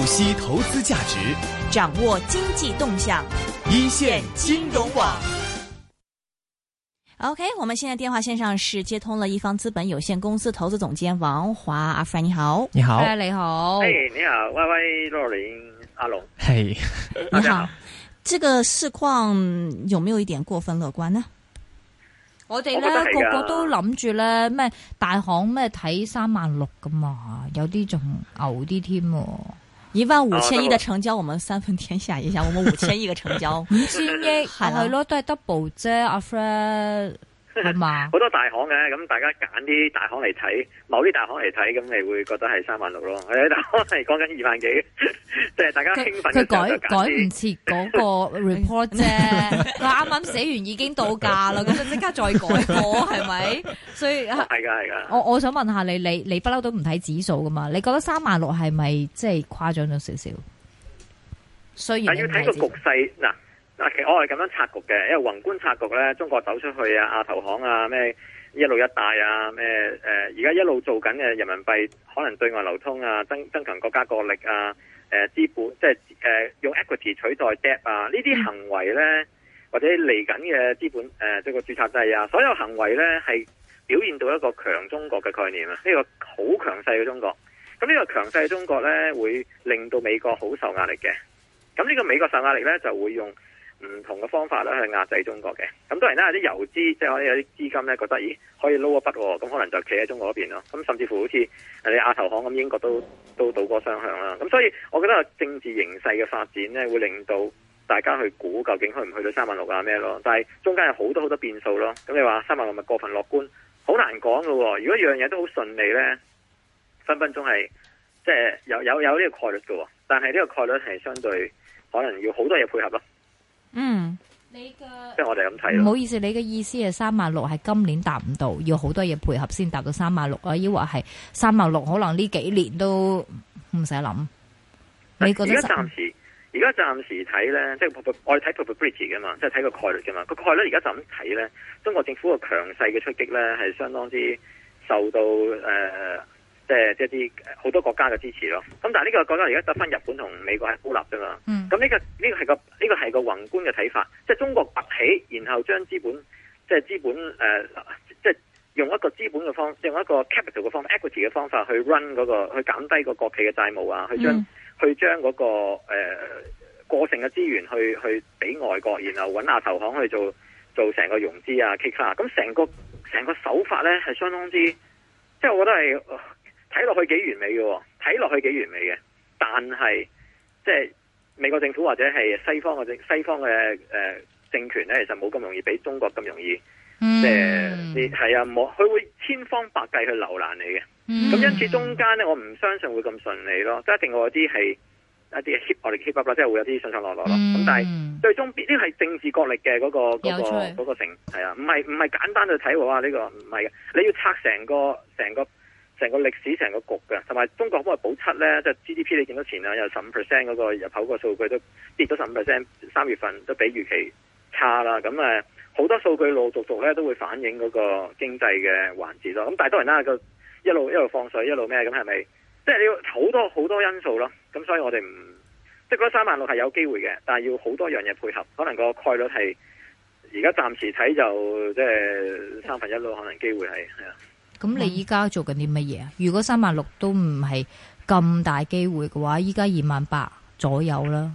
透析投資價值，掌握經濟動向，一線金融網。OK，我們現在電話線上是接通了一方資本有限公司投資總監王華阿 Sir 你好你好，你好，Hi, 你好，hey, 你好，喂喂六,六零，阿龍，嘿，你好，Okay. 這個市況有沒有一點過分樂觀呢？Mm hmm. 我哋呢我個個都諗住呢咩大行咩睇三萬六噶嘛，有啲仲牛啲添。一萬五千億的成交，我們三分天下，想一下，我們五千億的成交 為，五千億，係、啊、咯，都係 double 啫，阿 friend。係嘛，好多大行嘅，咁大家揀啲大行嚟睇，某啲大行嚟睇，咁你會覺得係三萬六咯？喺大行係講緊二萬幾，即係大家興奮。佢改改唔切嗰個 report 啫，啱啱寫完已經到價啦，咁即刻再改過，過係咪？所以係噶係噶。我我想問下你，你你不嬲都唔睇指數噶嘛？你覺得三萬六係咪即係誇張咗少少？雖然，但係要睇個局勢嗱。嗱，其實我係咁樣拆局嘅，因為宏觀拆局咧，中國走出去啊、亞投行啊、咩一路一帶啊、咩誒而家一路做緊嘅人民幣可能對外流通啊、增增強國家國力啊、誒、呃、資本即係誒、呃、用 equity 取代 debt 啊，呢啲行為咧或者嚟緊嘅資本誒即係個注冊制啊，所有行為咧係表現到一個強中國嘅概念啊，呢、呢個好強勢嘅中國，咁呢個強勢嘅中國咧會令到美國好受壓力嘅，咁呢個美國受壓力咧就會用唔同嘅方法咧去壓制中國嘅，咁當然啦，就是，有啲遊資即係可能有啲資金咧覺得，咦，可以撈一筆，咁可能就企喺中國嗰邊咯。咁甚至乎好似你亞投行咁，英國都都倒過雙向啦。咁所以我覺得政治形勢嘅發展咧，會令到大家去估究，究竟去唔去到三萬六啊咩咯。但係中間有好多好多變數咯。咁你話三萬六咪過分樂觀，好難講噶。如果樣嘢都好順利呢，分分鐘係即係有有有呢個概率噶。但係呢個概率係相對可能要好多嘢配合咯。嗯，你即係我哋咁睇唔好意思，你嘅意思係三萬六係今年達唔到，要好多嘢配合先達到三萬六啊！抑或係三萬六，可能呢幾年都唔使諗。你覺得是？暫時，而家暫時睇咧，即係我哋睇嘅嘛，即係睇個概率嘅嘛。個概率而家就咁睇咧，中國政府嘅強勢嘅出擊咧，係相當之受到誒。呃即係即係啲好多國家嘅支持咯。咁但係呢個國家而家得翻日本同美國係孤立啫嘛。咁呢個嗯呢個係個呢個係個宏觀嘅睇法。即係中國崛起，然後將資本即係資本誒，即係用一個資本嘅方，用一個 capital 嘅方，equity 嘅方法去 run 嗰個，去減低個國企嘅債務啊，去將嗯去將嗰個誒過剩嘅資源去去俾外國，然後揾下投行去做做成個融資啊 case 啦。咁成個成個手法咧係相當之，即係我覺得係。睇落去幾完美嘅，睇落去幾完美嘅，但係即係美國政府或者係西方嘅政西方嘅誒、呃、政權咧，其實冇咁容易俾中國咁容易，即係係啊，冇佢會千方百計去留難你嘅。咁因此中間咧，我唔相信會咁順利咯，都、就是、一定有啲係一啲 hit，我哋 keep up 即係會有啲上上落落咯。咁、嗯、但係最終呢個係政治角力嘅嗰、那個、那個趣那個成係啊，唔係唔係簡單去睇啊呢個唔係嘅，你要拆成個成個。成個歷史成個局嘅，同埋中國可唔可以保七咧？即係 GDP 你見到前兩日十五 percent 嗰個入口個數據都跌咗十五 percent，三月份都比預期差啦。咁誒好多數據陸續續咧都會反映嗰個經濟嘅環節咯。咁但係當然啦，一路一路放水，一路咩咁係咪？即係你要好多好多因素咯。咁所以我哋唔，即係嗰三萬六係有機會嘅，但係要好多樣嘢配合，可能個概率係而家暫時睇就即係三分一咯。可能機會係啊。咁你依家做緊啲乜嘢？嗯、如果三萬六都唔係咁大機會嘅話，依家二萬八左右啦。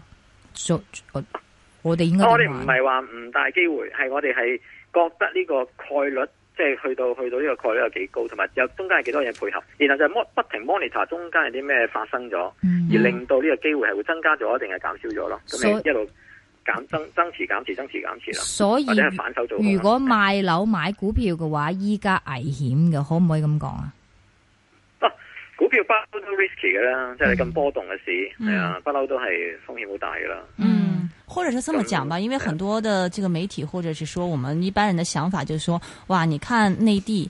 我哋應該我哋唔係話唔大機會，係我哋係覺得呢個概率，即係去到去到呢個概率有幾高，同埋有中間係幾多嘢配合，然後就係不停 monitor 中間有啲咩發生咗，嗯、而令到呢個機會係會增加咗，定係減少咗咯，咁你一路。.減增增持減持增持減持咯，所以如果賣樓買股票嘅話，依家危險嘅，可唔可以咁講啊？股票不嬲都 risky 嘅啦，即係咁波動嘅市，係啊，不嬲都係風險好大噶啦。嗯，或者是這麼講吧，因為很多的這個媒體，或者是說我們一般人的想法，就是說，哇，你看內地。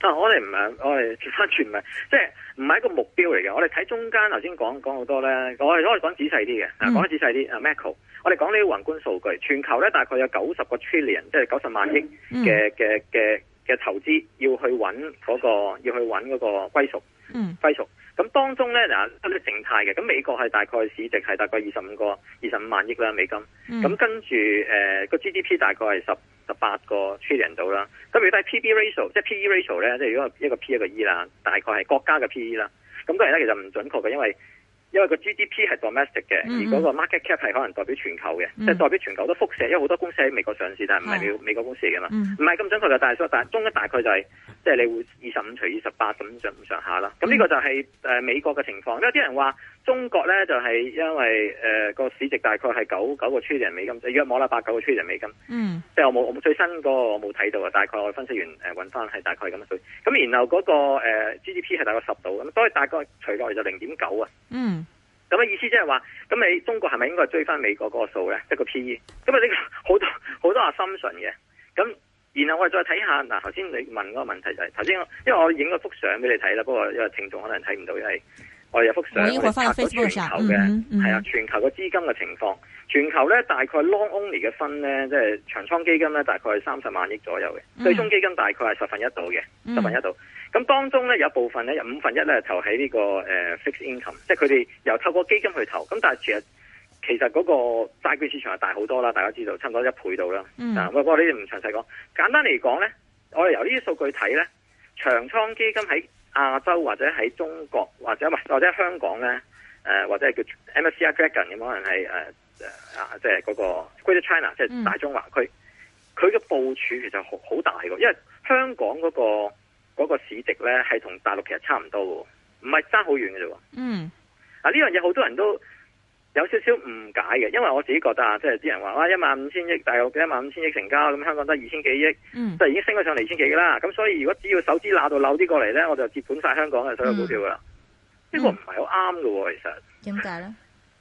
但我哋唔係，我哋翻轉唔係，即係唔係一個目標嚟嘅。我哋睇中間，頭先講講好多咧。我哋我哋講仔細啲嘅，嗯啊，講仔細啲。啊、Michael，我哋講呢個宏觀數據，全球咧大概有九十個 trillion，即係九、嗯、十萬億嘅嘅嘅。嗯嘅投資要去揾嗰、嗰個要去揾嗰個歸屬，歸屬。咁當中咧嗱，一啲靜態嘅。咁美國係大概市值係大概二十五個二十五萬億啦美金。咁、嗯、跟住誒個、呃、GDP 大概係十十八個 trillion 度啦。咁如果係 P/B ratio 即係 P/E ratio 咧，即係如果一個 P 一個 E 啦，大概係國家嘅 PE 啦。咁當然咧其實唔準確嘅，因為。因為個 GDP 係 domestic 嘅，mm hmm. 而嗰個 market cap 係可能代表全球嘅，即係、mm hmm. 代表全球都輻射，因為好多公司喺美國上市，但係唔係美國公司嚟噶嘛，唔係咁準確嘅，但係但係，中一大概就係、是，即、就、係、是、你會二十五除以十八咁上咁上下啦。咁呢個就係、是、誒、呃、美國嘅情況，因為啲人話。中國咧就係、是、因為誒、呃，那個市值大概係九九個 trillion 美金，約摸啦八九個 trillion 美金。嗯，即係我冇，我最新個我冇睇到啊，大概我分析完誒揾翻係大概係咁樣數。咁然後嗰、那個、呃、GDP 係大概十度，咁所以大概除落嚟就零點九啊。嗯，咁嘅意思即係話，咁你中國係咪應該追翻美國嗰個數咧？一個 PE 個。咁啊呢個好多好多話心存嘅。咁然後我哋再睇下嗱，頭、呃、先你問嗰個問題就係頭先因為我影咗幅相俾你睇啦，不過因為聽眾可能睇唔到，因為。我有幅相，我哋該發喺 Facebook 上嘅，係啊、嗯嗯，全球嘅資金嘅情況，全球咧大概 long only 嘅分咧，即係長倉基金咧，大概係三十萬億左右嘅，對沖、嗯、基金大概係十分一度嘅，十分一度。咁、嗯、當中咧有部分咧，有五分一咧投喺呢個誒 fixed income，即係佢哋由透過基金去投。咁但係其實其實嗰個債券市場係大好多啦，大家知道差唔多一倍到啦。嗯、啊，喂喂不過呢啲唔詳細講，簡單嚟講咧，我哋由數呢啲數據睇咧，長倉基金喺。亞洲或者喺中國或者唔或者香港咧，誒、呃、或者係叫 MSCI Dragon 咁可能係誒誒啊，即係嗰個 Great China 即係大中華區，佢嘅、嗯、部署其實好大嘅，因為香港嗰、嗰個嗰個市值咧係同大陸其實差唔多嘅，唔係爭好遠嘅啫喎。嗯，啊呢樣嘢好多人都有少少誤解嘅，因為我自己覺得啊，即係啲人話哇，一萬五千億，大概一萬五千億成交，咁香港得二千幾億，嗯、就已經升咗上嚟千幾嘅啦。咁所以如果只要手指攋到扭啲過嚟呢，我就接管晒香港嘅所有股票啦。呢、嗯嗯、個唔係好啱嘅，其實點解呢？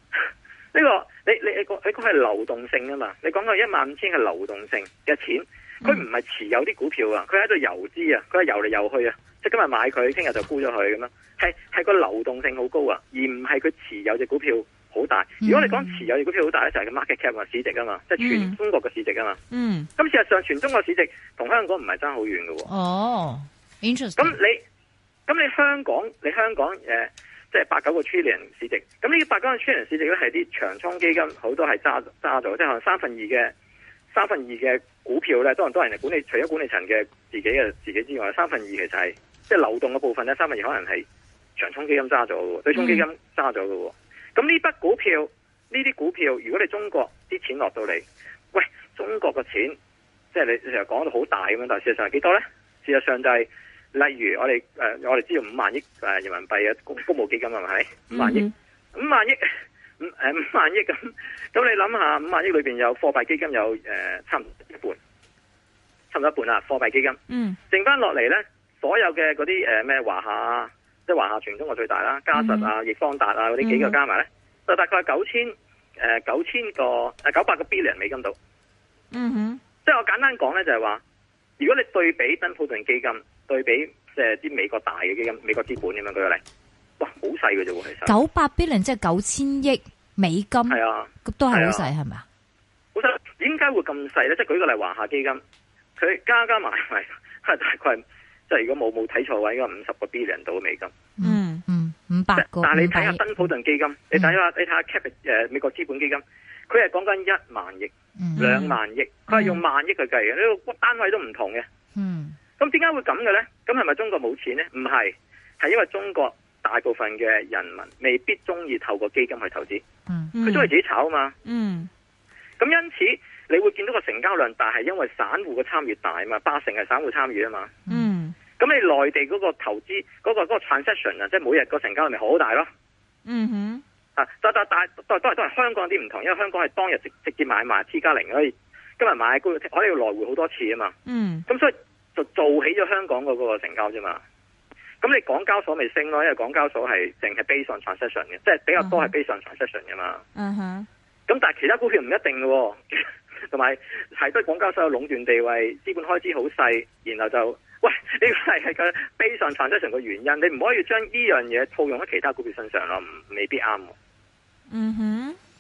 呢、 這個你你你講係流動性啊嘛，你講過一萬五千係流動性嘅錢，佢唔係持有啲股票啊，佢喺度游資啊，佢係游嚟游去啊，即係今日買佢，聽日就沽咗佢咁樣。係係個流動性好高啊，而唔係佢持有隻股票。好大！如果你講持有嘅股票好大咧，就係、是、個 market cap 嘅市值啊嘛，即、就、係、是、全中國嘅市值啊嘛嗯。嗯。咁事實上，全中國市值同香港唔係爭好遠嘅。哦。interesting。咁你，咁你香港，你香港誒，即係八九個 trillion 市值。咁呢八九個 trillion 市值咧，係啲長倉基金很多是，好多係揸揸咗，即係可能三分二嘅，三分二嘅股票咧，當然多人嘅管理，除咗管理層嘅自己嘅自己之外，三分二其實係即係流動嘅部分咧，三分二可能係長倉基金揸咗嘅，對沖基金揸咗嘅。咁呢筆股票，呢啲股票，如果你中國啲錢落到嚟，喂，中國嘅錢，即係你成日講到好大咁樣，但事實上係幾多呢？事實上就係，例如我哋誒，我哋知道五萬億誒人民幣嘅公募基金係咪？五萬億，五萬億，嗯嗯，咁，呃、五萬億咁，咁你諗下，五萬億裏邊有貨幣基金有誒，差唔多一半，差唔多一半啦，貨幣基金。嗯。剩翻落嚟呢，所有嘅嗰啲誒咩華夏啊。即係華夏全中國最大啦，嘉實啊、易方達啊嗰啲幾個加埋咧，嗯、哼就大概九千誒九、呃、千個誒九百個 billion 美金度。嗯哼，即係我簡單講咧，就係話，如果你對比登普頓基金，對比即係啲美國大嘅基金，美國資本咁樣舉個例，哇，好細嘅啫喎，其實九百 billion 即係九千億美金，係啊，咁都係好細係咪啊？好細吧，點解會咁細咧？即係舉個例華夏基金，佢加加埋埋，係大概是。即係如果冇冇睇錯嘅話應該五十個 billion 到美金，嗯嗯五百個，但係你睇下新普頓基金，嗯、你睇下、嗯、你睇下 Cap 誒、呃、美國資本基金，佢係講緊一萬億、兩、嗯、萬億，佢係用萬億去計嘅，呢個、嗯、單位都唔同嘅。嗯，咁點解會咁嘅咧？咁係咪中國冇錢咧？唔係，係因為中國大部分嘅人民未必中意透過基金去投資。嗯佢中意自己炒啊嘛嗯。嗯，咁因此你會見到個成交量大，大係因為散戶嘅參與大啊嘛，八成係散戶參與啊嘛。嗯。咁你內地嗰個投資嗰個個 transaction 啊，即係每日個成交係咪好大咯。嗯哼，吓，但但但係都係都係香港啲唔同，因為香港係當日直直接買賣 T 加零可以今日買，可以可以來回好多次啊嘛。嗯，咁所以就做起咗香港個個成交啫嘛。咁你港交所咪升咯，因為港交所係淨係 based on transaction 嘅，即係比較多係 based on transaction 噶嘛。嗯哼，咁但係其他股票唔一定噶，同埋係都港交所有壟斷地位，資本開支好細，然後就。喂，呢個係係個悲上產生嘅原因，你唔可以將呢樣嘢套用喺其他股票身上咯，唔未必啱。嗯哼。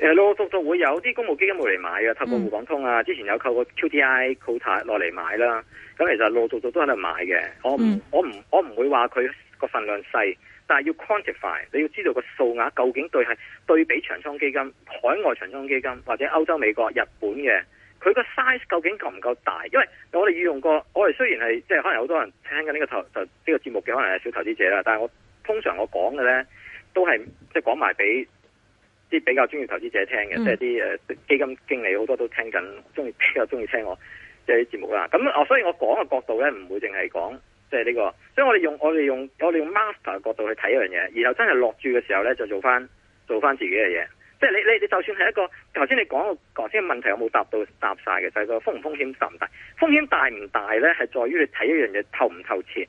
誒陸續都會有啲公募基金會嚟買嘅，透過滬港通啊，之前有購過 QTI、quota 落嚟買啦。咁其實陸續都喺度買嘅，我唔我唔我唔會話佢個份量細，但係要 quantify，你要知道個數額究竟對係對比長倉基金、海外長倉基金或者歐洲、美國、日本嘅，佢個 size 究竟夠唔夠大？因為我哋要用過，我哋雖然係即係可能好多人聽緊呢、呢個投就呢個節目嘅，可能係小投資者啦，但係我通常我講嘅咧都係即係講埋俾。啲比較中意投資者聽嘅，嗯、即係啲誒基金經理好多都聽緊，中意比較中意聽我即係啲節目啦。咁哦，所以我講嘅角度咧，唔會淨係講即係呢個，所以我哋用我哋用我哋用 master 嘅角度去睇一樣嘢，然後真係落注嘅時候咧，就做翻做翻自己嘅嘢。即係你你你就算係一個頭先你講嘅頭先嘅問題，有冇答到答晒嘅，就係、係、個風唔風險大唔大？風險大唔大咧，係在於你睇一樣嘢透唔透徹。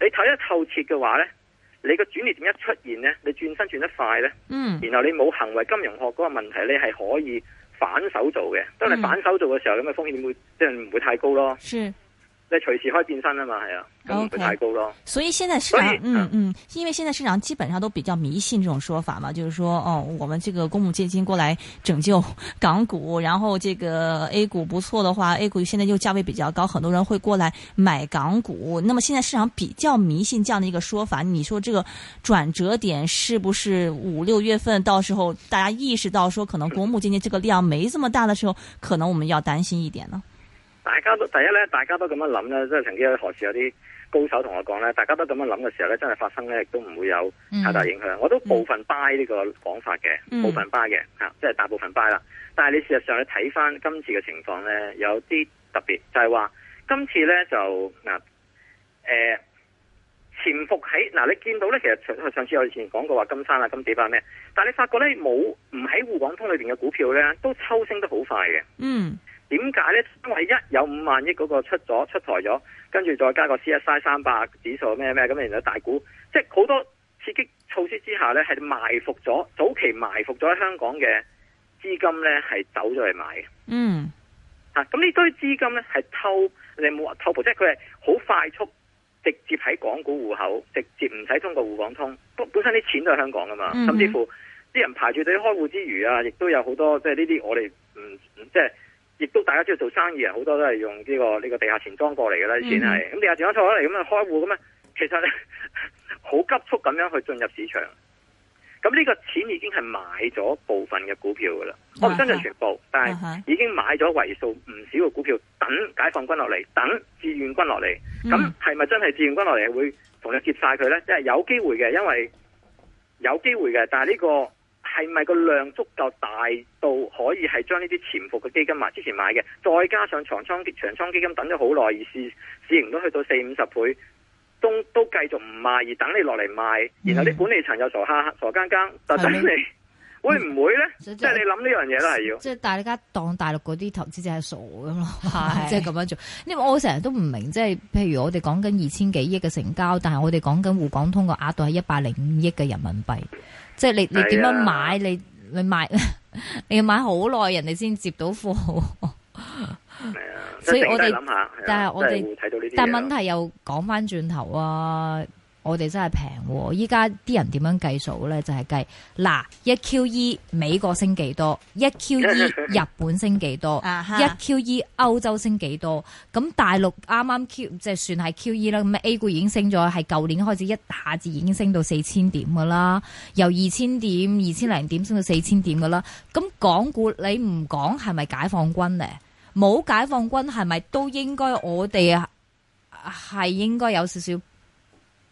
你睇得透徹嘅話咧。你個轉捩點一出現呢，你轉身轉得快呢，嗯，然後你冇行為金融學嗰個問題，你係可以反手做嘅。當你反手做嘅時候，咁嘅風險會即係唔會太高咯。是在係隨時可以變身啊嘛，係啊，咁唔會太高咯。Okay. 所以現在市場，以嗯嗯，嗯，因為現在市場基本上都比較迷信這種說法嘛，就是說，哦，我們這個公募基金過來拯救港股，然後這個 A 股不錯的話，A 股現在又價位比較高，很多人會過來買港股。那麼現在市場比較迷信這樣的一個說法，你說這個轉折點是不是五六月份？到時候大家意識到說可能公募基金這個量沒這麼大的時候，嗯、可能我們要擔心一點呢？大家都第一咧，大家都咁樣諗咧，即係曾經何時有啲高手同我講咧，大家都咁樣諗嘅時候咧，真係發生咧，亦都唔會有太大影響。嗯、我都部分 buy 呢個講法嘅，嗯、部分 buy 嘅吓，嗯、即係大部分 buy 啦。但係你事實上你睇翻今次嘅情況咧，有啲特別就係話，今次咧就嗱，誒、呃，潛伏喺嗱、呃，你見到咧，其實上上次我以前講過話，金山啊、金地翻咩，但係你發覺咧冇唔喺滬港通裏邊嘅股票咧，都抽升得好快嘅。嗯。點解呢？因為一有五萬億嗰個出咗出台咗，跟住再加個 CSI 三百指數咩咩咁，然後大股即係好多刺激措施之下呢，係埋伏咗早期埋伏咗喺香港嘅資金呢，係走咗嚟買。嗯，咁呢、啊、堆資金呢，係偷你冇話偷步，即係佢係好快速直接喺港股戶口，直接唔使通過滬港通。本本身啲錢都喺香港㗎嘛，嗯嗯，甚至乎啲人排住隊開戶之餘啊，亦都有好多即係呢啲我哋唔即係。嗯嗯，即係亦都大家知道做生意啊，好多都係用呢個呢個地下錢莊過嚟嘅啦，先係咁地下錢莊坐咗嚟咁啊開戶咁啊，其實好急速咁樣去進入市場。咁呢個錢已經係買咗部分嘅股票噶啦，的我唔相信全部，但係已經買咗為數唔少嘅股票，的等解放軍落嚟，等志願軍落嚟。咁係咪真係志願軍落嚟會同你接晒佢咧？即係有機會嘅，因為有機會嘅，但係呢個。係咪個量足夠大到可以係將呢啲潛伏嘅基金買之前買嘅，再加上長倉長倉基金等咗好耐，而市，市盈都去到四五十倍，都都繼續唔賣而等你落嚟賣，然後啲管理層又傻下傻更更，就等你，嗎會唔會呢？即係你諗呢樣嘢都係要即係大家當大陸嗰啲投資者係傻咁咯，即係咁樣做。因為我成日都唔明，即係譬如我哋講緊二千幾億嘅成交，但係我哋講緊滬港通嘅額度係一百零五億嘅人民幣。即係你你點樣買？啊、你你買 你要買好耐，人哋先接到貨。啊、 所以我哋，但係我哋，但問題又講返轉頭啊！我哋真係平，依家啲人點樣計數咧？就係計嗱一 QE 美國升幾多，一 QE 日本升幾多，一 QE 歐洲升幾多？咁大陸啱啱 Q 即係算係 QE 啦。咁 A 股已經升咗，係舊年開始一下子已經升到四千點噶啦，由二千點二千零點升到四千點噶啦。咁港股你唔講係咪解放軍咧？冇解放軍係咪都應該我哋啊係應該有少少。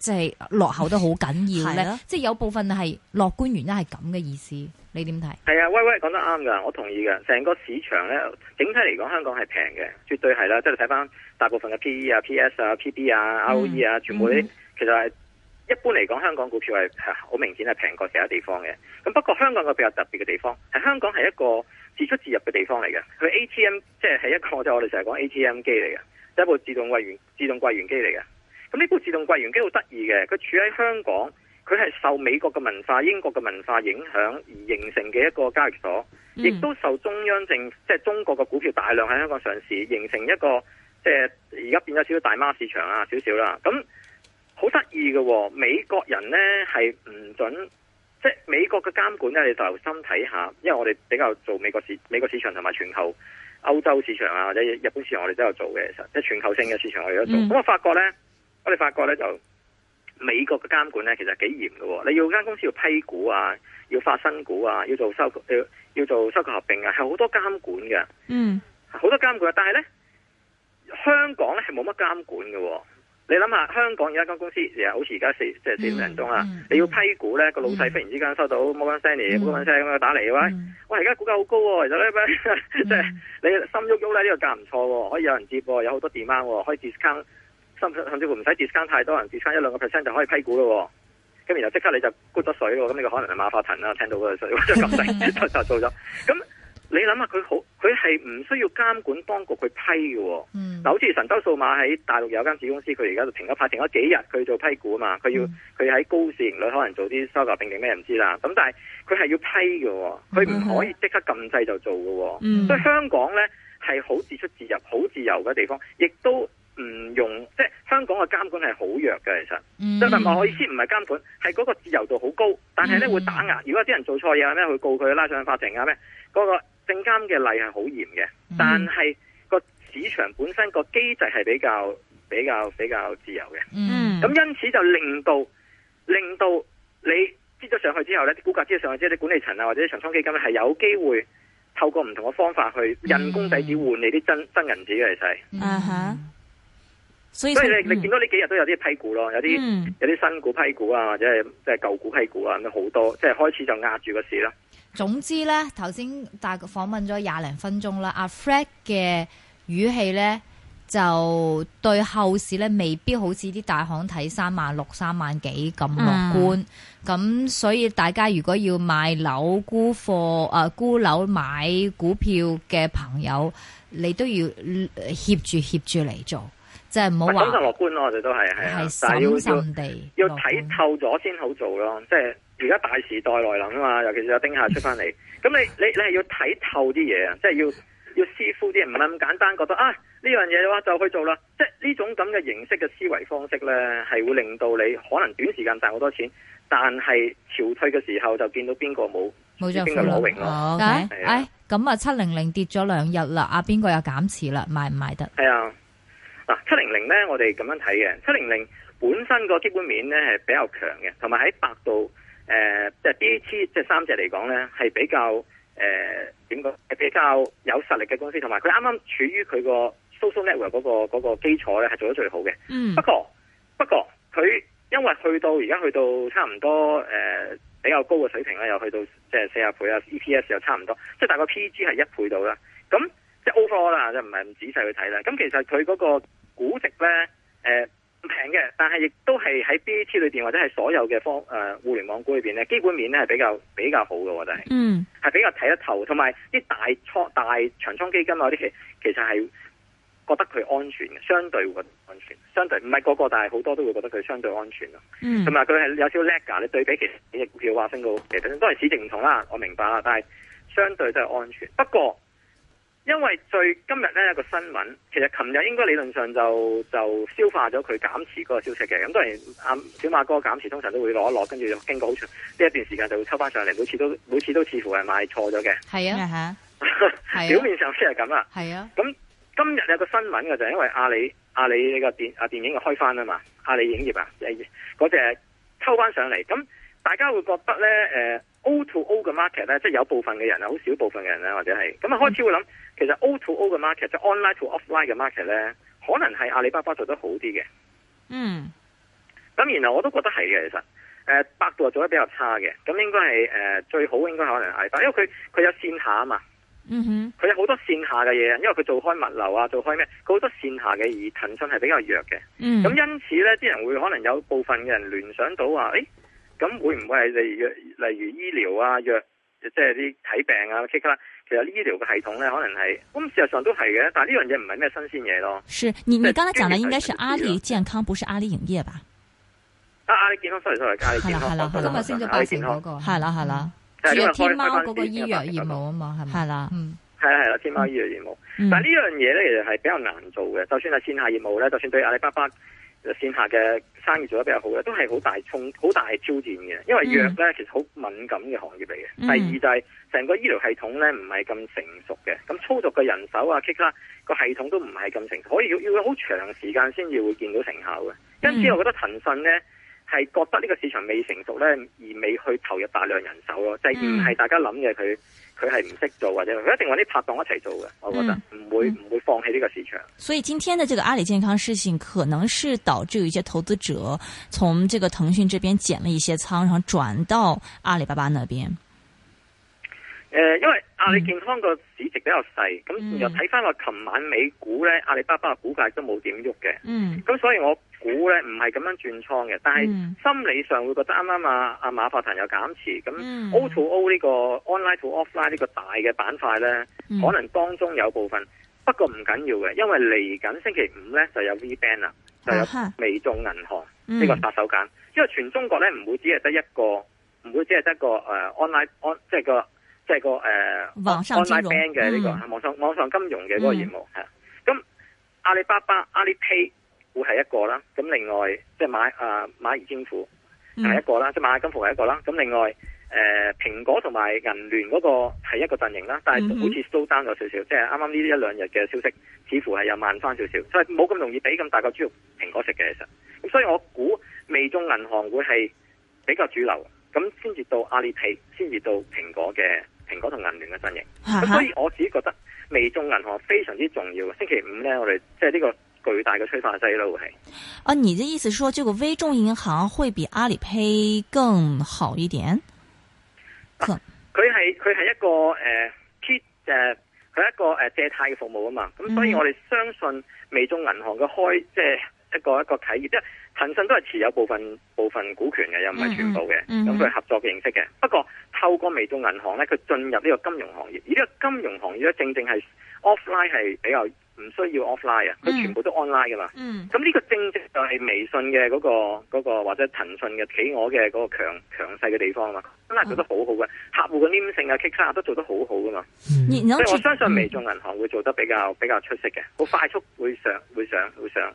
即係落後都好緊要咧， 啊、即係有部分係樂觀原因係咁嘅意思，你點睇？係啊，威威講得啱噶，我同意嘅。成個市場咧整體嚟講，香港係平嘅，絕對係啦。即係睇翻大部分嘅 P E 啊、P S 啊、P B 啊、R O E 啊，嗯、全部啲、嗯、其實係一般嚟講，香港股票係好明顯係平過其他地方嘅。咁不過香港嘅比較特別嘅地方係香港係一個自出自入嘅地方嚟嘅，佢 A T M 即係係一個係，就係，我哋成日講 A T M 機嚟嘅，就係，一部自動櫃員自動櫃員機嚟嘅。咁呢部自動櫃員機好得意嘅，佢處喺香港，佢係受美國嘅文化、英國嘅文化影響而形成嘅一個交易所，亦都受中央政即係、就是、中國嘅股票大量喺香港上市，形成一個即係而家變咗少少大媽市場啊，少少啦。咁好得意嘅，美國人呢係唔準，即、就、係、是、美國嘅監管呢，你就由心睇下，因為我哋比較做美國市、美國市場同埋全球歐洲市場啊，或者日本市場，我哋都有做嘅，其實即係全球性嘅市場我哋都有做。咁、嗯、我發覺呢。我哋發覺咧，就美國嘅監管咧，其實幾嚴嘅、哦，你要間公司要批股啊，要發新股啊，要做收要要做收購合併啊，係好多監管嘅。嗯，好多監管，但係咧香港咧係冇乜監管嘅。你諗下，香港而家間公司，其實好似而家四即係四五點鐘、嗯、你要批股咧，個、嗯、老細忽然之間收到摩根士丹利、摩根士咁樣打嚟嘅話而家、嗯、股價好高、哦，其實咧即係你心喐喐咧呢、呢個價唔錯、哦，可以有人接、哦，有好多 demand，、哦、可以 discount。甚至乎唔使跌穿太多人跌穿一兩個 percent 就可以批股咯、哦，咁然後即刻你就 good 咗水咯，咁呢個可能係馬化騰啦，聽到嘅水就禁制就就做咗。咁 你諗下佢好，佢係唔需要監管當局去批嘅、哦。嗱、嗯，好似神州數碼喺大陸有間子公司，佢而家就停咗牌，停咗幾日，佢做批股啊嘛，佢要佢喺、嗯、高市盈率可能做啲收購並聯咩唔知啦。咁但係佢係要批嘅、哦，佢唔可以即刻禁制就做嘅、哦。嗯、所以香港咧係好自出自入，好自由嘅地方，亦都。唔用即係香港嘅監管係好弱嘅，其實就係唔係我意思，唔係監管係嗰個自由度好高，但係咧、嗯、會打壓。如果有啲人做錯嘢咩去告佢拉上法庭嘅咧，嗰、嗰個證監嘅例係好嚴嘅。嗯、但係個市場本身個機制係比較比較比較自由嘅。咁、嗯、因此就令到令到你擠咗上去之後呢，啲股價擠咗上去之後，啲管理層啊或者啲長倉基金係有機會透過唔同嘅方法去印公仔紙換你啲真、嗯、真銀紙嘅其實。啊所以，所以你你見到呢幾日都有啲批股咯，嗯，有啲有啲新股批股啊，或者即係舊股批股啊，好多，即係開始就壓住個市啦。總之咧，頭先大概訪問咗廿零分鐘啦，阿 Fred 嘅語氣咧就對後市咧未必好似啲大行睇三萬六、三萬幾咁樂觀。咁、嗯、所以大家如果要買樓、沽貨、誒、啊、沽樓、買股票嘅朋友，你都要協住協住嚟做。即係唔好話，謹慎樂觀咯，我哋都係係啊，係係的的要深深地要要睇透咗先好做咯。即係而家大時代來臨啊嘛，尤其是阿丁蟹出翻嚟，咁 你你你係要睇透啲嘢啊，即係要要師傅啲，唔係咁簡單覺得啊呢樣嘢嘅話就去做啦。即係呢種咁嘅形式嘅思維方式咧，係會令到你可能短時間賺好多錢，但係潮退嘅時候就見到邊個冇冇邊個裸泳咯。係啊錯，咁啊七零零跌咗兩日啦，啊，邊個有減持啦？賣唔賣得？係啊。嗱，七零零咧，我哋咁樣睇嘅，七零零本身個基本面咧係比較強嘅，同埋喺百度，誒、呃，即係 B A T 即係三隻嚟講咧，係比較，誒、呃，點講？係比較有實力嘅公司，同埋佢啱啱處於佢、那個 social network 嗰個嗰個基礎咧，係做得最好嘅。嗯。不過，不過，佢因為去到而家去到差唔多，誒、呃，比較高嘅水平咧，又去到即係四十倍啊，E P S 又差唔多，即係大概 P g 係一倍到啦。咁即係 over 啦，即係唔係咁仔細去睇啦。咁其實佢嗰、那個。估值咧，誒唔平嘅，但係亦都係喺 BAT 裏邊或者係所有嘅方誒互聯網股裏邊咧，基本面咧係比較比較好嘅，我覺得係，係、嗯、比較睇得透，同埋啲大倉大長倉基金啊，啲其其實係覺得佢安全嘅，相對會安全，相對唔係個個，但係好多人都會覺得佢相對安全啊。嗯，同埋佢係有少少叻噶，你對比其實幾隻股票話升到，其實都係市值唔同啦，我明白啦，但係相對都係安全，不過。因為最今日咧有個新聞，其實琴日應該理論上就就消化咗佢減持嗰個消息嘅。咁當然阿小馬哥減持通常都會攞一攞，跟住就經過好長呢一段時間就會抽翻上嚟，每次都每次都似乎係賣錯咗嘅。係啊吓， 啊啊表面上即係咁啦。係啊。咁今日有個新聞嘅就係因為阿里阿里呢個電啊電影又開翻啦嘛，阿里影業啊，嗰隻抽翻上嚟。咁大家會覺得咧，誒 O to O 嘅 market 咧，即係有部分嘅人啊，好少部分嘅人咧，或者係咁啊，開始會諗。嗯其實 O to O 嘅 market 即係、就是、online to offline 嘅 market 咧，可能係阿里巴巴做得好啲嘅。嗯。咁然後我都覺得係嘅，其實，誒、呃，百度做得比較差嘅，咁應該係誒、呃、最好應該是可能係但因為佢佢有線下啊嘛。嗯哼。佢有好多線下嘅嘢，因為佢做開物流啊，做開咩，佢好多線下嘅而騰訊係比較弱嘅。嗯。咁因此咧，啲人會可能有部分嘅人聯想到話，誒，咁會唔會係例如例如醫療啊，藥，即係啲睇病啊，K 啦。等等啊。其實醫療嘅系統咧，可能係咁，事實上都係嘅。但係呢樣嘢唔係咩新鮮嘢咯。是你你剛才講嘅，應該是阿里健康，不是阿里影業吧？阿阿里健康 sorry sorry，阿里健康係啦係啦，今日升咗八成嗰個係啦係啦，主要天貓嗰個醫藥業務啊嘛，係咪？係啦，嗯，係係啦，天貓醫藥業務。但係呢樣嘢咧，其實係比較難做嘅。就算係線下業務咧，就算對阿里巴巴線下嘅。生意做得比較好嘅，都係好大衝、好大挑戰嘅。因為藥咧，其實好敏感嘅行業嚟嘅。第二就係成個醫療系統咧，唔係咁成熟嘅，咁操作嘅人手啊、其他個系統都唔係咁成熟，可以要要好長時間先至會見到成效嘅。因此我覺得騰訊咧。係覺得呢個市場未成熟咧，而未去投入大量人手咯。嗯、即係唔係大家諗嘅佢，佢係唔識做或者佢一定搵啲拍檔一齊做嘅。我覺得嗯、唔會唔會放棄呢個市場。所以今天的這個阿里健康事情，可能是導致有一些投資者從這個騰訊這邊減了一些倉，然後轉到阿里巴巴那邊。誒、呃，因為阿里健康個市值比較細，咁、嗯、又睇翻個琴晚美股咧，阿里巴巴嘅股價都冇點喐嘅。咁、嗯、所以我估咧唔係咁樣轉倉嘅，但係心理上會覺得啱啱啊阿、啊、馬化騰有減持，咁 O to O 呢、這個、嗯、online to offline 呢個大嘅板塊咧，嗯、可能當中有部分，不過唔緊要嘅，因為嚟緊星期五咧就有 V band 啦，就有微眾銀行呢、嗯、個殺手鐧，因為全中國咧唔會只係得一個，唔會只係得一個誒 online on 即係個。即係個誒 online bank 嘅呢個網上網上金融嘅嗰、這個嗯、個業務咁、嗯、阿里巴巴阿里 pay 會係一個啦，咁另外即係馬啊、呃、馬兒支付係一個啦，嗯、即係馬兒金服係一個啦，咁另外誒蘋、呃、果同埋銀聯嗰個係一個陣營啦，但係好似 slow down 咗少少，嗯嗯即係啱啱呢一兩日嘅消息，似乎係又慢翻少少，所以冇咁容易俾咁大個豬肉蘋果食嘅，其實咁所以我估微眾銀行會係比較主流，咁先至到阿里 pay，先至到蘋果嘅。蘋果同銀聯嘅陣營，啊、所以我自己覺得微眾銀行非常之重要。星期五咧，我哋即係呢個巨大嘅催化劑咯，會係。啊，你嘅意思說，這個微眾銀行會比阿里 Pay 更好一點？佢係佢係一個誒誒，佢、呃、一個誒、呃、借貸嘅服務啊嘛。咁所以我哋相信微眾銀行嘅開即係。一個一個企業，即係騰訊都係持有部分部分股權嘅，又唔係全部嘅，咁佢、嗯嗯、係合作嘅形式嘅。不過透過微眾銀行咧，佢進入呢個金融行業，而呢個金融行業咧，正正係 offline 係比較唔需要 offline 啊，佢全部都 online 噶嘛。咁呢、嗯嗯、個正正就係微信嘅嗰、嗰個嗰、嗰個、嗰個、或者騰訊嘅企鵝嘅嗰個強強勢嘅地方嘛，真係做得好好嘅，啊、客戶嘅黏性啊、k i c k 啊，都做得好好噶嘛。嗯、所以我相信微眾銀行會做得比較比較出色嘅，好快速會上會上會上。會上會上。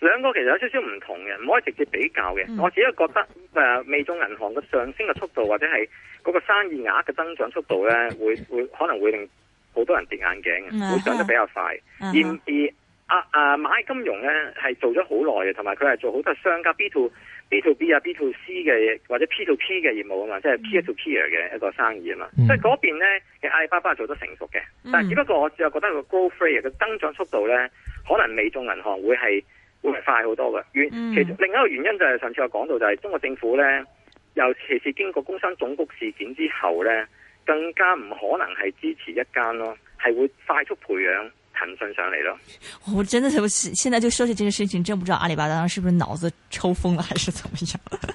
兩個其實有少少唔同嘅，唔可以直接比較嘅。嗯、我自己覺得，誒、呃，微眾銀行嘅上升嘅速度，或者係嗰個生意額嘅增長速度咧，會會可能會令好多人跌眼鏡，嗯、會上得比較快。然、嗯嗯、而啊啊，買、啊、金融咧係做咗好耐嘅，同埋佢係做好多商家 B to B to B 啊，B to C 嘅或者 P to P 嘅業務啊嘛，即係 Peer to Peer 嘅一個生意啊嘛。即係嗰邊咧，其實阿里巴巴係做得成熟嘅，但係只不過我只係覺得個 growth rate 嘅增長速度咧，可能微眾銀行會係。會快好多嘅。原其實另一個原因就係上次我講到就係中國政府呢，尤其是經過工商總局事件之後呢，更加唔可能係支持一間咯，係會快速培養騰訊上嚟咯。我真的就現在就說起這件事情，真不知道阿里巴巴是不是腦子抽風了，還是怎麼樣了。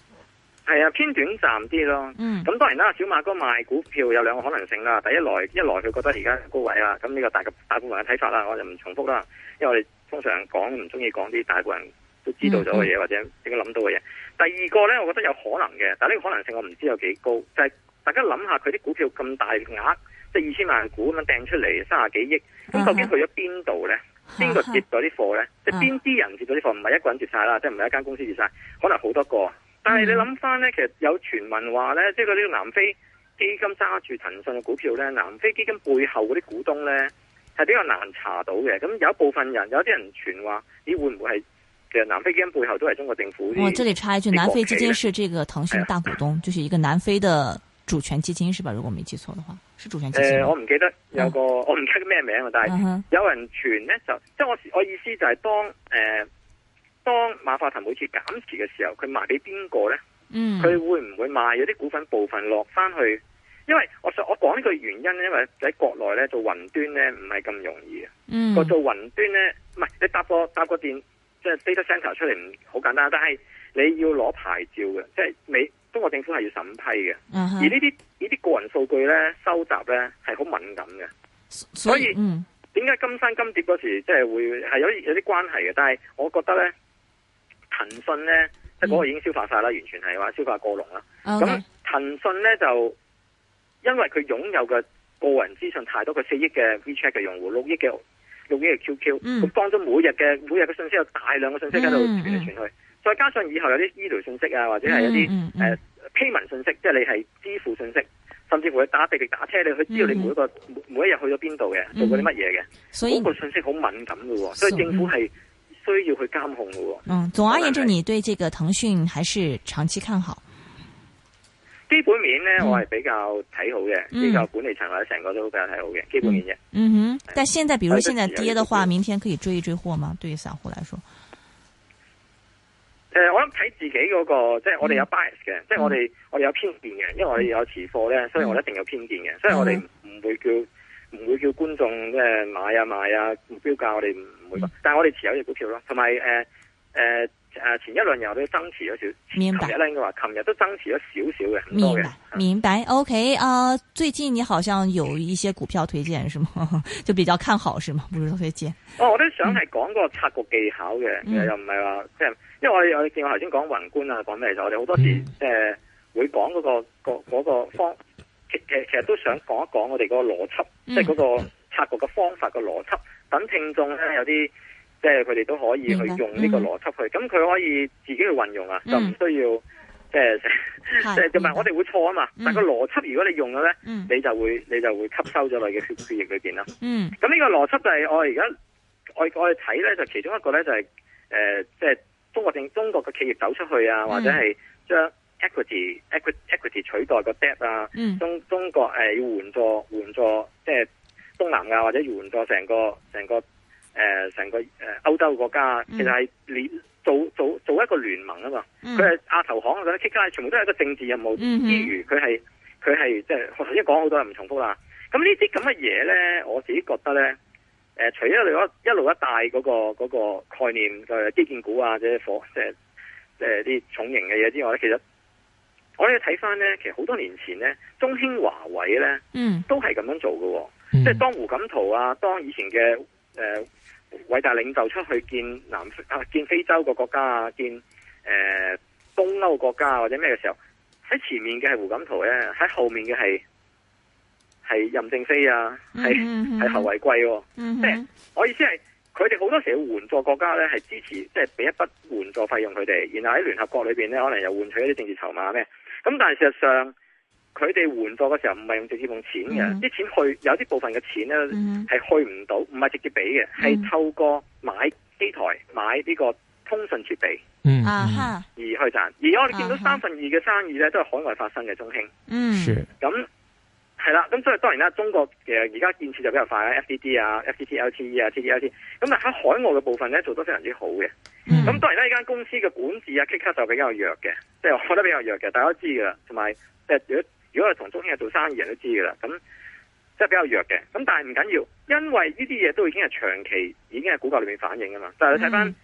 係啊，偏短暫啲咯。咁當然啦，小馬哥賣股票有兩個可能性啦。第一來一來佢覺得而家高位啦，咁呢個大嘅大部分嘅睇法，啦我就唔重複啦。因為我哋通常講唔中意講啲大部分人都知道咗嘅嘢，或者已經諗到嘅嘢。第二個咧，我覺得有可能嘅，但係呢個可能性我唔知有幾高。就係、是、大家諗下佢啲股票咁大額，即係二千萬股咁樣掟出嚟，三十幾億，咁究竟去咗邊度咧？邊 個接咗啲貨咧？即係邊啲人接咗啲貨？唔係一個人接晒啦，即係唔係一間公司接晒，可能好多個。嗯、但係你諗翻咧，其實有傳聞話咧，即、這、係個呢個南非基金揸住騰訊嘅股票咧，南非基金背後嗰啲股東咧係比較難查到嘅。咁有一部分人，有啲人傳話，咦會唔會係其實南非基金背後都係中國政府國企？我這裏插一句，南非基金是這個騰訊大股東，嗯、就是一個南非的主權基金，是吧？如果我沒記錯的話，是主權基金、呃。我唔記得有個，嗯、我唔記得咩名，但係有人傳咧，就即係我我意思就係當誒。呃當馬化騰每次減持嘅時候，佢賣俾邊個咧？佢、嗯、會唔會賣有啲股份部分落翻去？因為我想我講呢個原因，因為喺國內咧做雲端咧唔係咁容易嘅。個、嗯、做雲端咧，唔係你搭個搭個電即係、就是、data center 出嚟，唔好簡單。但係你要攞牌照嘅，即係美中國政府係要審批嘅。啊、是而呢啲呢啲個人數據咧，收集咧係好敏感嘅。所以點解、嗯、金山金蝶嗰時即係、就是、會係有有啲關係嘅？但係我覺得咧。騰訊呢，即係嗰個已經消化晒啦，完全係話消化過濃啦。咁騰訊呢，就因為佢擁有嘅個人資訊太多億的的，佢四億嘅 WeChat 嘅用戶，六億嘅六億嘅 QQ，咁幫咗每日嘅每日嘅信息有大量嘅信息喺度傳嚟傳去，mm. 再加上以後有啲醫療信息啊，或者係一啲誒 payment 信息，即係你係支付信息，甚至乎你打滴滴打車，你去知道你每個每一日去咗邊度嘅做過啲乜嘢嘅，所以嗰個信息好敏感嘅，所以政府係。需要去監控嘅。嗯，總而言之，是你對這個騰訊還是長期看好。基本面咧，嗯、我係比較睇好嘅，嗯、呢個管理層或者成個都比較睇好嘅基本面嘅、嗯。嗯哼，但現在，比如現在跌嘅話，嗯、明天可以追一追貨嗎？對於散戶嚟說。誒、呃，我諗睇自己嗰、那個，就是們嗯、即係我哋有 bias 嘅，即係、嗯、我哋我哋有偏見嘅，因為我哋有持貨咧，所以我一定有偏見嘅，所以我哋唔會叫。嗯唔會叫觀眾即係買啊買啊目標價我哋唔會，嗯、但係我哋持有嘅股票咯，同埋誒誒誒前一輪又都增持咗少少，明白，日咧應該話，近日都增持咗少少嘅。明白明白，OK 啊、呃，最近你好像有一些股票推薦是嗎？ 就比較看好是嗎？不如推薦。哦，我都想係講個拆局技巧嘅，嗯、又唔係話即係，因為我我，我見我頭先講宏觀啊，講咩就我哋好多時即、嗯呃、會講嗰、那個個、那個方。其實都想講一講我哋嗰個邏輯，即係嗰個察覺嘅方法嘅邏輯，等聽眾咧有啲，即係佢哋都可以去用呢個邏輯去，咁佢可以自己去運用啊，就唔需要，即係即係同埋我哋會錯啊嘛，但個邏輯如果你用咗呢，你就會你就會吸收咗你嘅血血液裏邊啦。咁呢個邏輯就係我而家我我哋睇呢，就其中一個呢，就係，誒，即係中國定中國嘅企業走出去啊，或者係將。equity equity equity 取代個 debt 啊，中中國誒要援助援助，即係東南亞或者援助成個成個誒成個誒歐洲國家，其實係做做做一個聯盟啊嘛，佢係亞投行啊，我覺得其他全部都係一個政治任務，之餘佢係佢係即係我頭先講好多係唔重複啦，咁呢啲咁嘅嘢咧，我自己覺得咧，誒除咗你一一路一帶嗰個個概念嘅基建股啊，或者火即即係啲重型嘅嘢之外咧，其實。我哋睇翻呢，其實好多年前呢，中興華為呢、嗯、都係咁樣做喎、哦。嗯、即係當胡錦濤啊，當以前嘅誒偉大領袖出去見南啊見非洲個國家啊，見誒、呃、東歐國家或者咩嘅時候，喺前面嘅係胡錦濤呢，喺後面嘅係係任正非啊，係係侯為貴，即係我意思係，佢哋好多時候要援助國家呢係支持，即係俾一筆援助費用佢哋，然後喺聯合國裏邊呢，可能又換取一啲政治籌碼咩？咁但係事實上，佢哋換貨嘅時候唔係用直接用錢嘅，啲、mm hmm. 錢去有啲部分嘅錢咧係、mm hmm. 去唔到，唔係直接俾嘅，係、mm hmm. 透過買機台、買呢個通訊設備，啊而去賺。Mm hmm. 而我哋見到三分二嘅生意咧都係海外發生嘅中興，嗯、mm，咁、hmm.。係啦，咁所以當然啦，中國嘅而家建設就比較快啦，FDD 啊，F T T L T E 啊，T D L T，咁但喺海外嘅部分咧做得非常之好嘅。咁、嗯、當然啦呢間公司嘅管治啊，K K 就比較弱嘅，即係我覺得比較弱嘅，大家都知噶啦，同埋即係如果如果係同中興係做生意人都知噶啦，咁即係比較弱嘅。咁但係唔緊要，因為呢啲嘢都已經係長期已經係股價裏面反映噶嘛。但係你睇翻。嗯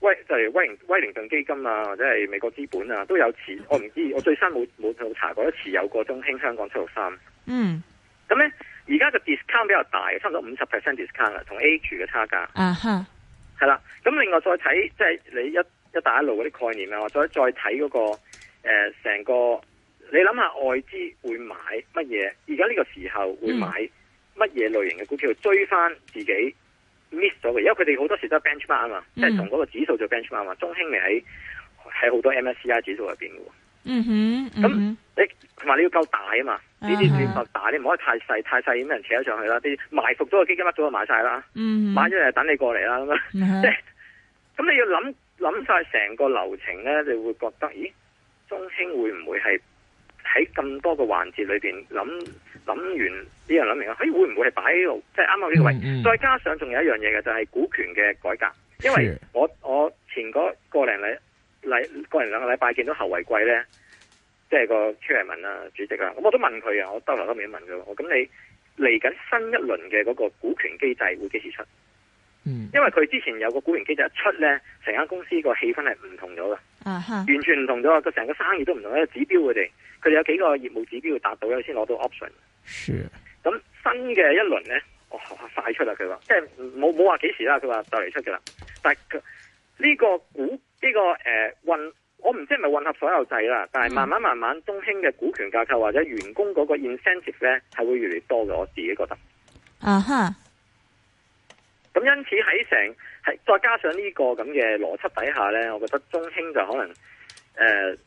威就係威威靈頓基金啊，或者係美國資本啊，都有持。我唔知，我最新冇冇查過，持有過中興香港七六三。嗯。咁咧，而家個 discount 比較大，差唔多五十 percent discount 啦，同 A 股嘅差價。啊哈。係啦，咁另外再睇，即係你一一帶一路嗰啲概念啊，或者再睇嗰個誒成個，你諗下外資會買乜嘢？而家呢個時候會買乜嘢類型嘅股票？追翻自己。miss 咗嘅，因為佢哋好多時都係 bench mark 啊嘛，即係從嗰個指數做 bench mark 啊嘛。中興未喺喺好多 MSCI 指數入邊嘅。嗯哼，咁你同埋你要夠大啊嘛，呢啲量夠大，你唔可以太細，太細畀人扯咗上去啦。啲埋伏咗嘅基金早就買晒啦，uh huh. 買咗就等你過嚟啦咁樣。即係、uh，咁、huh. 你要諗諗晒成個流程咧，你會覺得，咦，中興會唔會係喺咁多個環節裏邊諗？諗完呢樣諗明啦，咦會唔會係擺喺度？即係啱啱呢個位，嗯嗯、再加上仲有一樣嘢嘅就係、是、股權嘅改革，因為我的我前嗰個零禮禮個零兩個禮拜見到侯為貴咧，即、就、係、是、個 Chairman 啦主席啊，咁我都問佢啊，我兜頭兜面都沒問佢，我咁你嚟緊新一輪嘅嗰個股權機制會幾時出？嗯、因為佢之前有個股權機制一出咧，成間公司個氣氛係唔同咗噶，啊、哼完全唔同咗啊，個成個生意都唔同啊，指標佢哋，佢哋有幾個業務指標達到咧先攞到 option。是咁、啊、新嘅一輪咧、哦，哇出了他說說了他說快出啦佢話，即係冇冇話幾時啦，佢話就嚟出嘅啦。但係呢、這個股呢、這個誒混、呃，我唔知係咪混合所有制啦，但係慢慢慢慢中興嘅股權架構或者員工嗰個 incentive 咧，係會越嚟越多嘅。我自己覺得，啊哈、uh。咁、huh. 因此喺成係再加上呢個咁嘅邏輯底下咧，我覺得中興就可能誒，即、呃、係、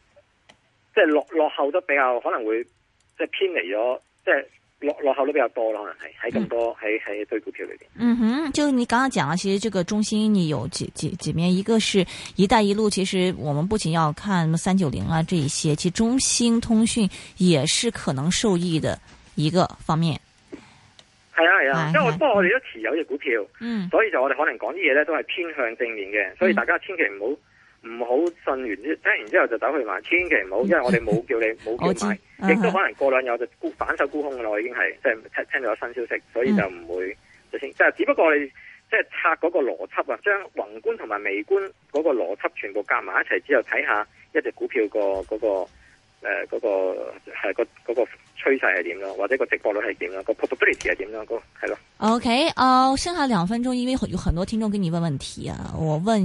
就是、落落後得比較可能會即係、就是、偏離咗。即係落落後都比較多咯，可能係喺咁多喺喺、嗯、對股票裏邊。嗯哼，就你剛剛講啦，其實這個中心你有幾幾幾，幾面，一個是“一帶一路”，其實我們不僅要看三九零啊，這一些，其中興通訊也是可能受益的一個方面。係啊係啊，啊哎、因為、哎、不過我哋都持有隻股票，嗯、所以就我哋可能講啲嘢咧都係偏向正面嘅，嗯、所以大家千祈唔好。唔好信完之聽完之後就走去買，千祈唔好，因為我哋冇叫你冇 叫買，亦都 可能過兩日我就反手沽空噶啦，我已經係即係聽到有新消息，所以就唔會就先。即係 只不過你即係拆嗰個邏輯啊，將宏觀同埋微觀嗰個邏輯全部夾埋一齊之後，睇下一隻股票個嗰個。誒，嗰、呃那個係、那個嗰個趨勢係點咯，或者個直播率係點咯，那個 productivity 係點咯，個係咯。OK，哦、呃，剩下兩分鐘，因為有很多聽眾跟你問問題啊，我問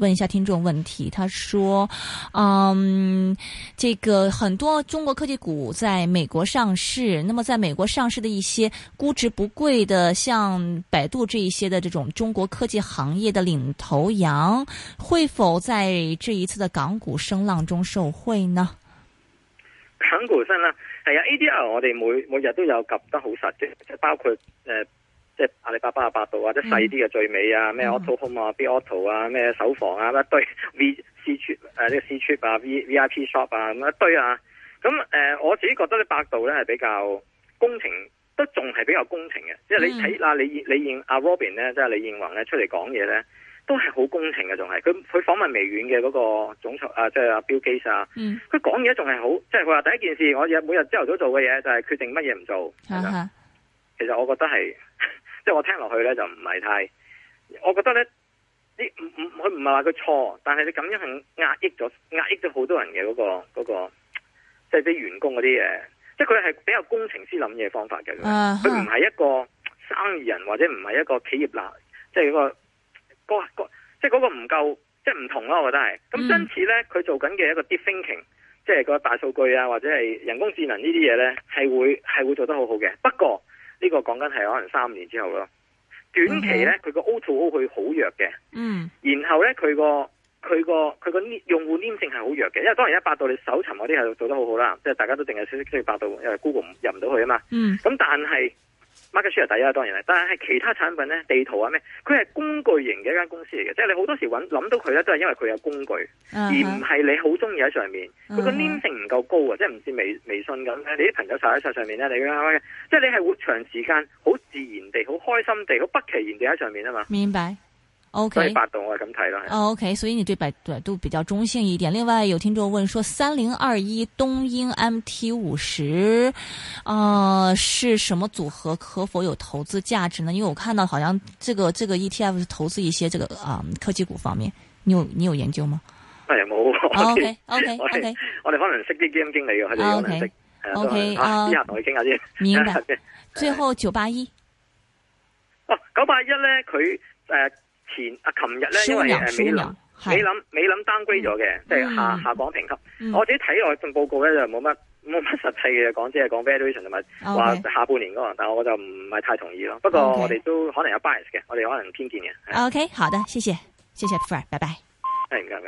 問一下聽眾問題。他說：，嗯，這個很多中國科技股在美國上市，那麼在美國上市的一些估值不貴的，像百度這一些的這種中國科技行業的領頭羊，會否在這一次的港股聲浪中受惠呢？港股啦，係啊，A D R 我哋每每日都有及得好實，即即包括誒，即、呃就是、阿里巴巴的度小一些的啊、百度啊，啲細啲嘅最尾啊咩，Auto Home 啊、Be Auto 啊咩搜房啊，一堆 V C trip 誒，呢個 C trip 啊、V V I P shop 啊咁一堆啊，咁誒、呃，我自己覺得咧，百度咧係比較工程，都仲係比較工程嘅，嗯、即係你睇啊，你你認啊就是、李李燕阿 Robin 咧，即係李彥宏咧出嚟講嘢咧。都係好工程嘅，仲係佢佢訪問微軟嘅嗰個總裁啊，即係阿 Bill Gates 啊。嗯。佢講嘢仲係好，即係佢話第一件事，我日每日朝頭早做嘅嘢就係決定乜嘢唔做。啊哈。其實我覺得係，即係我聽落去咧就唔係太，我覺得咧，呢唔唔佢唔係話佢錯，但係你咁樣係壓抑咗壓抑咗好多人嘅嗰個嗰個，即係啲員工嗰啲誒，即係佢係比較工程師諗嘢方法嘅，佢唔係一個生意人或者唔係一個企業啦，即係嗰個。個即係嗰個唔夠，即係唔同咯。我覺得係咁，因此呢，佢做緊嘅一個 deep thinking 即係個大數據啊，或者係人工智能呢啲嘢呢，係會係會做得好好嘅。不過呢個講緊係可能三年之後咯。短期呢，佢個 auto go 去好弱嘅。嗯。然後呢，佢個佢個佢個黏用戶黏性係好弱嘅，因為當然一百度你搜尋嗰啲係做得好好啦，即係大家都淨係少少去百度，因為 Google 入唔到去啊嘛。咁、嗯、但係。market share 第一當然啦，但係其他產品咧，地圖啊咩，佢係工具型嘅一間公司嚟嘅，即係你好多時揾諗到佢咧，都係因為佢有工具，uh huh。而唔係你好中意喺上面。佢個、uh huh。黏性唔夠高啊，即係唔似微微信咁，你啲朋友晒喺晒上面咧，你啱啱嘅，即係你係會長時間好自然地、好開心地、好不其然地喺上面啊嘛。明白。O K，所以百度我係咁睇咯。O K，所以你對百度比較中性一點。另外有聽眾問說，三零二一東英 M T 五十，啊，是什麼組合，可否有投資價值呢？因為我看到好像這個這個 E T F 是投資一些這個啊科技股方面。你有你有研究嗎？係冇。O K O K O K，我哋可能識啲基金經理嘅，佢哋可能識。O K O K，啲人同佢傾下先。明白。最後九八一。哦，九八一咧，佢誒。啊！琴日咧，因為美林美林美林 downgrade 咗嘅，想嗯、即係下、嗯、下降評級。嗯、我自己睇外份報告咧就冇乜冇乜實際嘅講，即係講 valuation 同埋話下半年嗰個，Okay. 但我就唔係太同意咯。不過我哋都可能有 bias 嘅，Okay. 我哋可能偏見嘅。O、okay, K，好的，謝謝，謝謝富二，拜拜。係、哎，唔